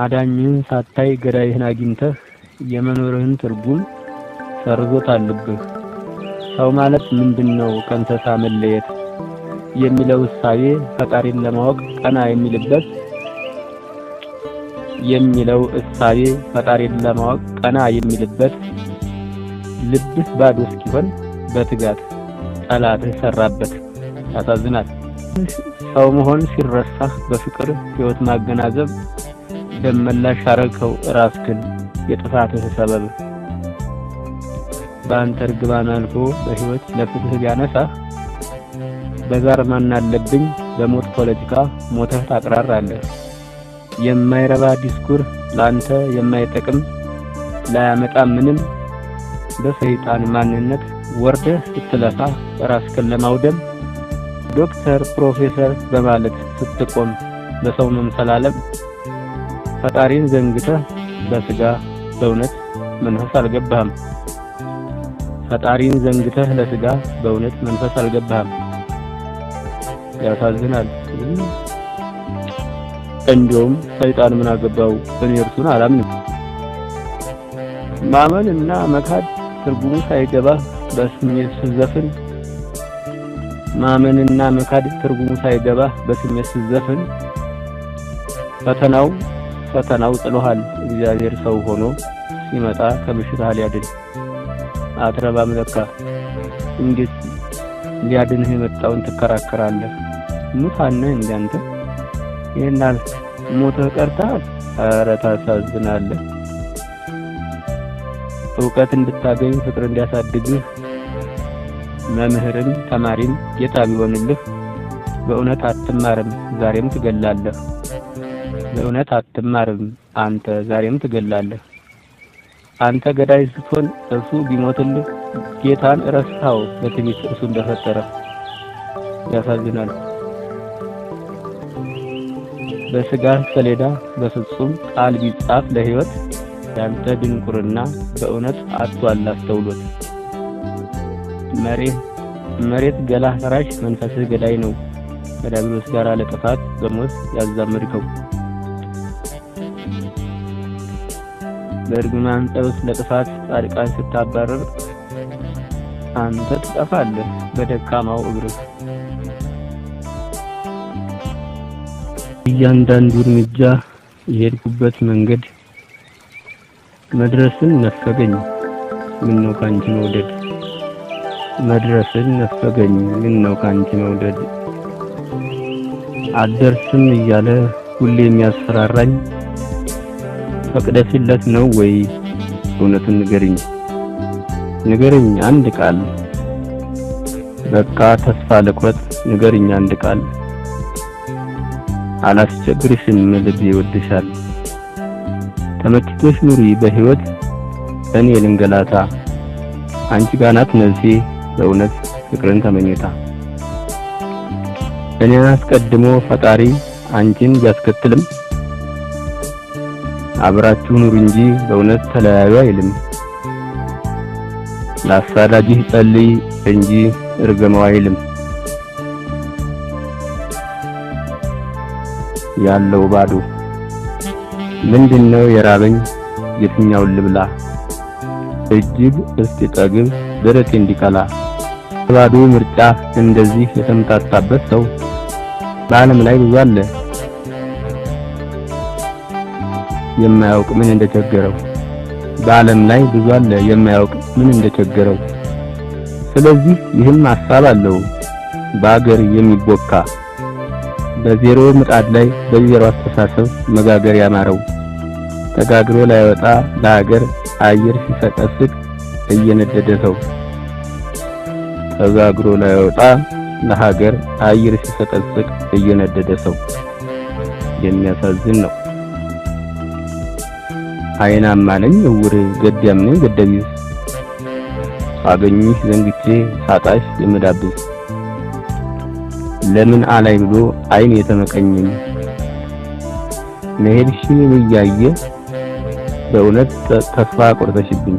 አዳኝህን ሳታይ ገዳይህን አግኝተህ የመኖርህን ትርጉም ሰርዞት አለብህ። ሰው ማለት ምንድነው? ከእንስሳ መለየት የሚለው እሳቤ ፈጣሪን ለማወቅ ቀና የሚልበት የሚለው እሳቤ ፈጣሪን ለማወቅ ቀና የሚልበት ልብስ ባዶ እስኪሆን በትጋት ጠላትህ ሰራበት። ያሳዝናል። ሰው መሆን ሲረሳህ በፍቅር ህይወት ማገናዘብ ደም መላሽ አረከው ራስክን የጥፋትህ ሰበብ በአንተ እርግማን አልፎ በህይወት ለፍትህ ቢያነሳህ በዛር ማን አለብኝ በሞት ፖለቲካ ሞተህ ታቅራራለህ። የማይረባ ዲስኩር ለአንተ የማይጠቅም ላያመጣ ምንም በሰይጣን ማንነት ወርደህ ስትለፋ ራስክን ለማውደም ዶክተር ፕሮፌሰር በማለት ስትቆም በሰው መምሰል ፈጣሪን ዘንግተህ በስጋ በእውነት መንፈስ አልገባህም። ፈጣሪን ዘንግተህ ለስጋ በእውነት መንፈስ አልገባህም። ያሳዝናል። እንዲሁም ሰይጣን ምን አገባው እኔ እርሱን አላምንም። ማመን እና መካድ ትርጉሙ ሳይገባህ በስሜት ስትዘፍን ማመንና መካድ ትርጉሙ ሳይገባህ በስሜት ስትዘፍን ፈተናው ፈተናው ጥሎሃል። እግዚአብሔር ሰው ሆኖ ሲመጣ ከምሽትህ ሊያድን አትረባም ለካ። እንዴት ሊያድንህ የመጣውን ትከራከራለህ? ሙታነ እንዳንተ ይህናል ሞተህ ቀርተሃል። ኧረ ታሳዝናለህ። እውቀት እንድታገኝ ፍቅር እንዲያሳድግህ መምህርም ተማሪም ጌታ ቢሆንልህ በእውነት አትማርም፣ ዛሬም ትገላለህ። ለእውነት አትማርም፣ አንተ ዛሬም ትገላለህ። አንተ ገዳይ ስትሆን እርሱ ቢሞትልህ ጌታን ረሳው በትዕቢት እርሱ እንደፈጠረ ያሳዝናል። በስጋ ሰሌዳ በፍጹም ቃል ቢጻፍ ለሕይወት ያንተ ድንቁርና በእውነት አቷል አስተውሎት። መሬት መሬት ገላ ፈራሽ መንፈስህ ገዳይ ነው ከዲያብሎስ ጋር ለጥፋት በሞት ያዛመድከው። በእርግማን ጸብህ ለጥፋት ጻድቃን ስታባረር አንተ ትጠፋለህ በደካማው እግርህ። እያንዳንዱ እርምጃ የሄድኩበት መንገድ መድረስን ነፈገኝ ምነው ካንቺ መውደድ መድረስን ነፈገኝ ምነው ካንቺ መውደድ አደርስም እያለ ሁሌ የሚያስፈራራኝ ፈቅደሽለት ነው ወይ? እውነቱን ንገርኝ ንገርኝ፣ አንድ ቃል በቃ ተስፋ ልቁረጥ፣ ንገርኝ አንድ ቃል። አላስቸግርሽም፣ ልብ ይወድሻል። ተመችቶሽ ኑሪ በህይወት እኔ ልንገላታ። አንቺ ጋር ናት ነፍሴ በእውነት ፍቅርን ተመኝታ። እኔን አስቀድሞ ፈጣሪ አንቺን ቢያስከትልም አብራችሁ ኑሩ እንጂ በእውነት ተለያዩ አይልም። ለአሳዳጅህ ጸልይ እንጂ እርገመው አይልም። ያለው ባዶ ምንድነው የራበኝ የትኛውን ልብላ? እጅግ እስኪጠግብ ደረቴ እንዲቀላ ባዶ ምርጫ እንደዚህ የተምታታበት ሰው በዓለም ላይ ብዙ አለ። የማያውቅ ምን እንደቸገረው፣ በዓለም ላይ ብዙ አለ የማያውቅ ምን እንደቸገረው። ስለዚህ ይህም ሐሳብ አለው በአገር የሚቦካ በዜሮ ምጣድ ላይ በዜሮ አስተሳሰብ መጋገር ያማረው ተጋግሮ ላይወጣ ለሀገር አየር ሲሰቀስቅ እየነደደ ሰው ተጋግሮ ላይወጣ ለሀገር አየር ሲሰቀስቅ እየነደደ ሰው የሚያሳዝን ነው። አይናማ ነኝ እውር ገዳም ነኝ ገዳቢስ አገኝሽ ዘንግቼ ሳጣሽ የምዳብስ ለምን አላይ ብሎ አይን የተመቀኘኝ መሄድሽን እያየ በእውነት ተስፋ ቆርጠሽብኝ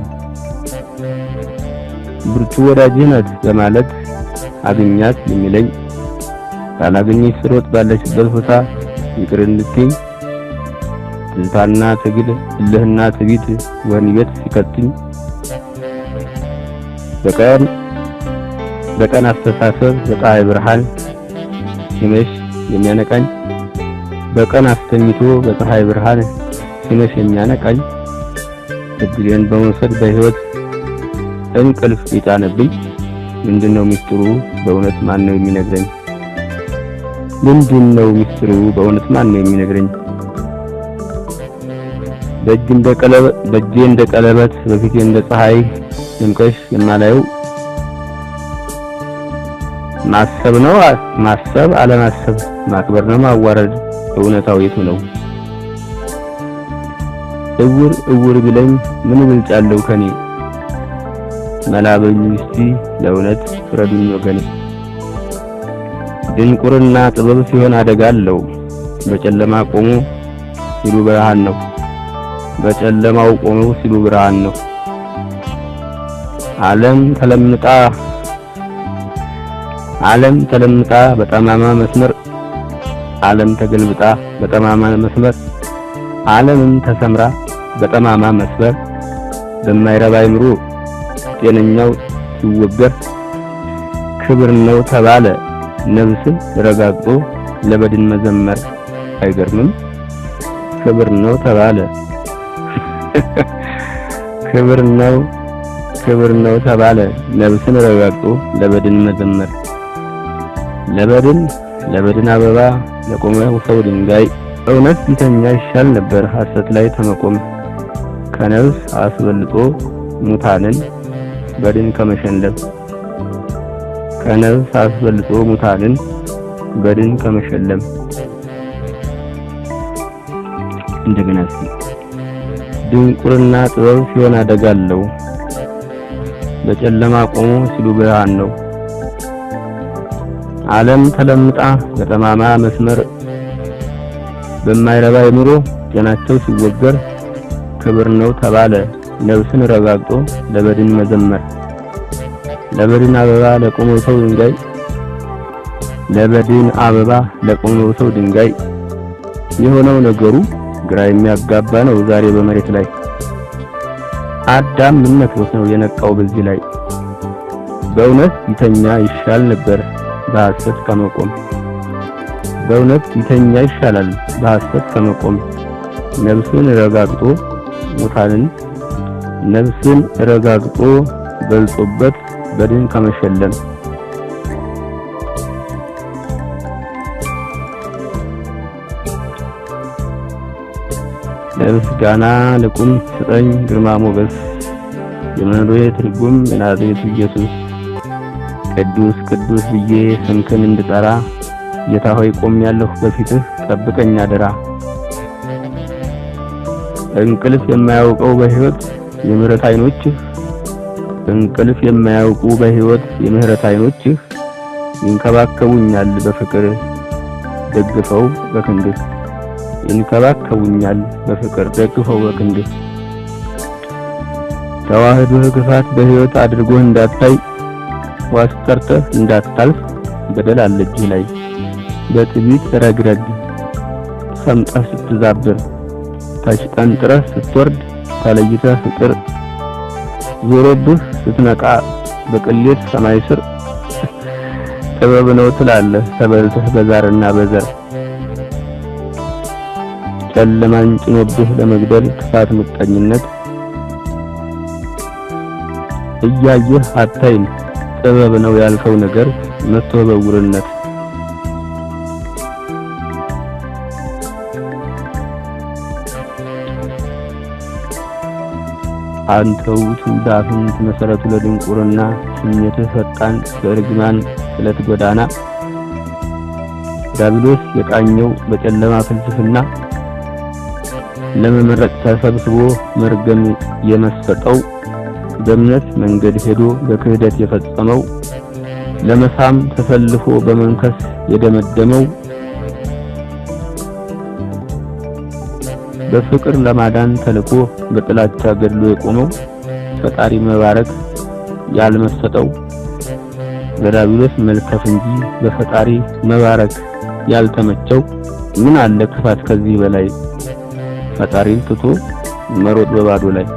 ብርቱ ወዳጅህ ናት በማለት አገኛት የሚለኝ ካላገኘሽ ስሮጥ ባለችበት ቦታ ይቅር እንድትኝ ትዝታና ትግል፣ እልህና ትቢት ወህኒ ቤት ሲከትኝ በቀን በቀን አስተሳሰብ በፀሐይ ብርሃን ሲመሽ የሚያነቃኝ በቀን አስተኝቶ በፀሐይ ብርሃን ሲመሽ የሚያነቃኝ እድሌን በመውሰድ በህይወት እንቅልፍ ይጫነብኝ። ምንድነው ሚስጥሩ በእውነት ማን ነው የሚነግረኝ? ምንድነው ሚስጥሩ በእውነት ማን ነው የሚነግረኝ? በእጅ እንደ ቀለበት በእጄ እንደ ቀለበት በፊቴ እንደ ፀሐይ ድምቀሽ የማላየው ማሰብ ነው ማሰብ አለማሰብ ማክበር ነው ማዋረድ እውነታው የቱ ነው? እውር እውር ቢለኝ ምን እብልጫለሁ ከኔ መላበኝ እስቲ ለእውነት ፍረዱኝ ወገኔ። ድንቁርና ጥበብ ሲሆን አደጋ አለው በጨለማ ቆሞ ሲሉ ብርሃን ነው። በጨለማው ቆመው ሲሉ ብርሃን ነው። ዓለም ተለምጣ ዓለም ተለምጣ በጠማማ መስመር ዓለም ተገልብጣ በጠማማ መስመር ዓለምም ተሰምራ በጠማማ መስመር በማይረባ አይምሮ ጤነኛው ሲወገር ክብር ነው ተባለ ነብስን ረጋግጦ ለበድን መዘመር አይገርምም? ክብር ነው ተባለ ክብር ነው ክብር ነው ተባለ። ነብስን ረጋግጦ ለበድን መዘመር ለበድን ለበድን አበባ ለቆመው ሰው ድንጋይ እውነት ቢተኛ ይሻል ነበር ሐሰት ላይ ተመቆም ከነብስ አስበልጦ ሙታንን በድን ከመሸለብ ከነብስ አስበልጦ ሙታንን በድን ከመሸለም እንደገና ድንቁርና ጥበብ ሲሆን አደጋ አለው። በጨለማ ቆሞ ሲሉ ብርሃን ነው። ዓለም ተለምጣ በጠማማ መስመር በማይረባ ይምሮ ጤናቸው ሲወገር ክብር ነው ተባለ ነብስን ረጋግጦ ለበድን መዘመር ለበድን አበባ ለቆመው ሰው ድንጋይ ለበድን አበባ ለቆመው ሰው ድንጋይ የሆነው ነገሩ ግራ የሚያጋባ ነው ዛሬ በመሬት ላይ። አዳም ምን ነክቶት ነው የነቃው በዚህ ላይ? በእውነት ይተኛ ይሻል ነበር በሐሰት ከመቆም በእውነት ይተኛ ይሻላል በሐሰት ከመቆም ነፍስን ረጋግጦ ሙታንን ነፍስን ረጋግጦ በልጦበት በድን ከመሸለም ለምስጋና ልቁም ስጠኝ ግርማ ሞገስ የመኖሬ ትርጉም የናዝሬቱ ኢየሱስ ቅዱስ ቅዱስ ብዬ ስምክን እንድጠራ ጌታ ሆይ ቆም ያለሁ በፊትህ ጠብቀኝ አደራ። እንቅልፍ የማያውቀው በህይወት የምህረት አይኖችህ እንቅልፍ የማያውቁ በህይወት የምህረት አይኖችህ ይንከባከቡኛል በፍቅር ደግፈው በክንድህ ይንከባከቡኛል በፍቅር ደግፈው በክንድህ ተዋህዶ ክፋት በህይወት አድርጎ እንዳታይ ዋስ እንዳታልፍ በደል አለብህ ላይ በጥቢት ረግረግ ሰምጠህ ስትዛብር ተሽቀንጥረህ ስትወርድ ተለይተህ ፍቅር ዞሮብህ ስትነቃ በቅሌት ሰማይ ስር ጥበብ ነው ትላለህ ተበልተህ በዛርና በዘር ጨለማን ጭኖብህ ለመግደል ክፋት፣ ምቀኝነት እያየህ አታይም። ጥበብ ነው ያልከው ነገር መጥቶ በውርነት አንተው እንዳፍንት መሰረቱ ለድንቁርና ስሜትህ ፈጣን በእርግማን ስለት ጎዳና ዳብሎስ የቃኘው በጨለማ ፍልስፍና ለመመረቅ ተሰብስቦ መርገም የመሰጠው በእምነት መንገድ ሄዶ በክህደት የፈጸመው ለመሳም ተሰልፎ በመንከስ የደመደመው በፍቅር ለማዳን ተልኮ በጥላቻ ገድሎ የቆመው ፈጣሪ መባረክ ያልመሰጠው በዳቢሎስ መልከፍ እንጂ በፈጣሪ መባረክ ያልተመቸው ምን አለ ክፋት ከዚህ በላይ ፈጣሪን ትቶ መሮጥ በባዶ ላይ